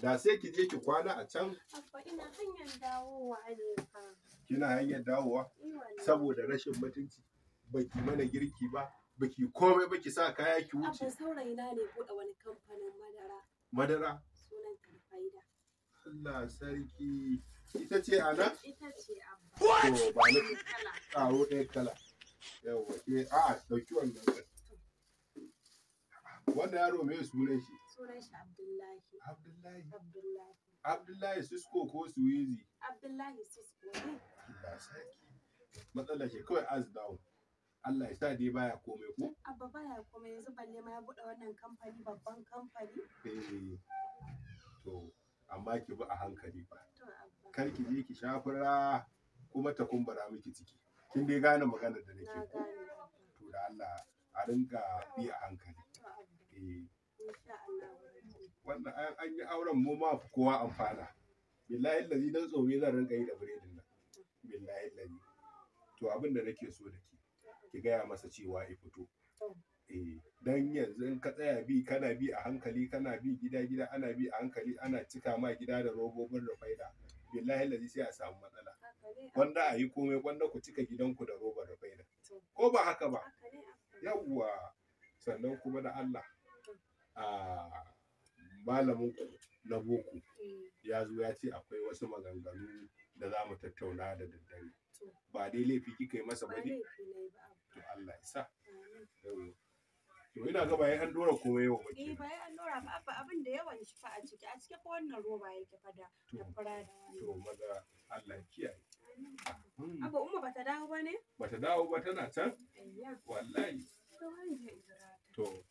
Da sai ki je ki kwana a can. Abba ina hanyar dawowa ne fa. Kina hanyar dawowa? Saboda rashin mutunci. Baki mana girki ba, baki komai baki sa kaya ki wuce. Abba saurayina ne buɗe wani kamfanin madara. Madara? Sunan faida. Allah sarki. Ita ce ana? Ita ce abba. To ba ni. Kala. Karo ɗaya kala. Yawwa. Eh a'a ɗauki wannan. Wanda yaro mai sunan shi? Sunan shi Abdullahi. Abdullahi. Abdullahi. Abdullahi Sisko ko Suwizi? Abdullahi Sisko ne. Matsala shi kawai as dawo. Allah ya sa dai baya komai ko? Abba baya komai yanzu balle ma ya buɗe wannan kamfani babban kamfani. Eh. To amma ki bi a hankali ba. Kar ki je ki shafura kuma ta kumbura miki ciki. Kin dai gane maganar da nake ko? To da Allah a rinka bi a hankali. an yi auren mu ma kowa amfana billahi lazi dan tsome zan rinka yi da biredin nan billahi lazi to abin da nake so da ke ki gaya masa cewa ya fito eh dan yanzu in ka tsaya bi kana bi a hankali kana bi gida gida ana bi a hankali ana cika ma gida da robobin da faida billahi lazi sai a samu matsala wanda a yi komai wanda ku cika gidanku da robar da faida ko ba haka ba yawwa sannan kuma da Allah a ah, malamin ku na boko mm. ya zo ya ce akwai wasu maganganu da za mu tattauna da daddare ba dai laifi kika yi masa ba to Allah ya sa to ina ga bayan an dora komai yau ba eh bayan an dora ba abba abin da yawan shi fa a ciki a ciki ko wannan roba yake fa da fara da to maza Allah ya kiyaye hmm. abba umma bata dawo ba ne bata dawo ba tana can wallahi to